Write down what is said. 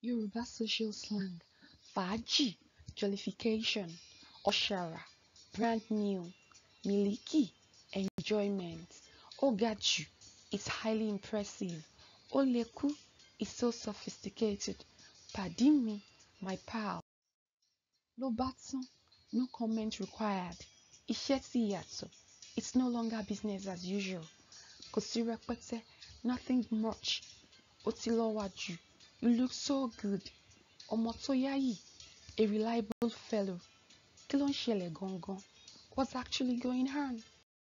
Yoruba social slang, fàájì, jollification, Oshara. brand new, miliki, enjoyment, ó ga is highly impressive, ó lè is so sophisticated, Padimi. my pal. No bá no comment required iṣẹ́ ti it's no longer business as usual kò nothing much Otilowaju. You look so good. Ọmọ tó yáyì, a reliable fellow. Kí ló ń ṣẹlẹ̀ gangan? What's actually going on?